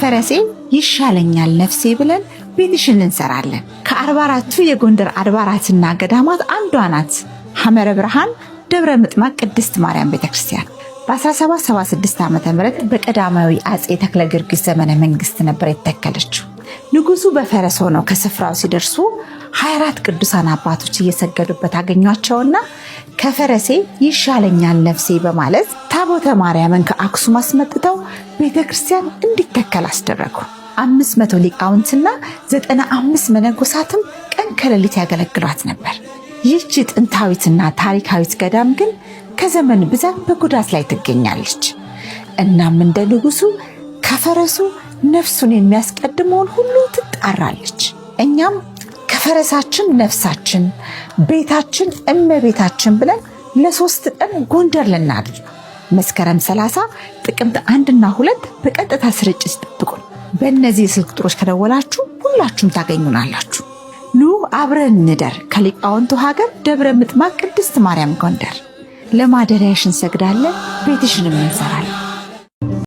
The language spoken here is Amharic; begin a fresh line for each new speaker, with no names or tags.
ፈረሴ ይሻለኛል ነፍሴ ብለን ቤትሽን እንሰራለን። ከአርባ የጎንደር አድባራትና ገዳማት አንዷ ናት ሐመረ ብርሃን ደብረ ምጥማቅ ቅድስት ማርያም ቤተክርስቲያን። በ1776 ዓ ም በቀዳማዊ አጼ ተክለ ጊዮርጊስ ዘመነ መንግስት ነበር የተተከለችው። ንጉሱ በፈረስ ሆነው ከስፍራው ሲደርሱ 24 ቅዱሳን አባቶች እየሰገዱበት አገኟቸውና ከፈረሴ ይሻለኛል ነፍሴ በማለት ታቦተ ማርያምን ከአክሱም አስመጥተው ቤተ ክርስቲያን እንዲተከል አስደረጉ። አምስት መቶ ሊቃውንትና ዘጠና አምስት መነኮሳትም ቀን ከሌሊት ያገለግሏት ነበር። ይህቺ ጥንታዊትና ታሪካዊት ገዳም ግን ከዘመን ብዛት በጉዳት ላይ ትገኛለች። እናም እንደ ንጉሱ ከፈረሱ ነፍሱን የሚያስቀድመውን ሁሉ ትጣራለች። እኛም ከፈረሳችን ነፍሳችን፣ ቤታችን እመቤታችን ብለን ለሶስት ቀን ጎንደር ልናድር መስከረም 30 ጥቅምት አንድና ሁለት በቀጥታ ስርጭት ይጠብቁን። በእነዚህ የስልክ ቁጥሮች ከደወላችሁ ሁላችሁም ታገኙናላችሁ። ኑ አብረን እንደር ከሊቃውንቱ ሀገር ደብረ ምጥማቅ ቅድስት ማርያም ጎንደር። ለማደሪያሽ እንሰግዳለን፣ ቤትሽንም እንሰራለን።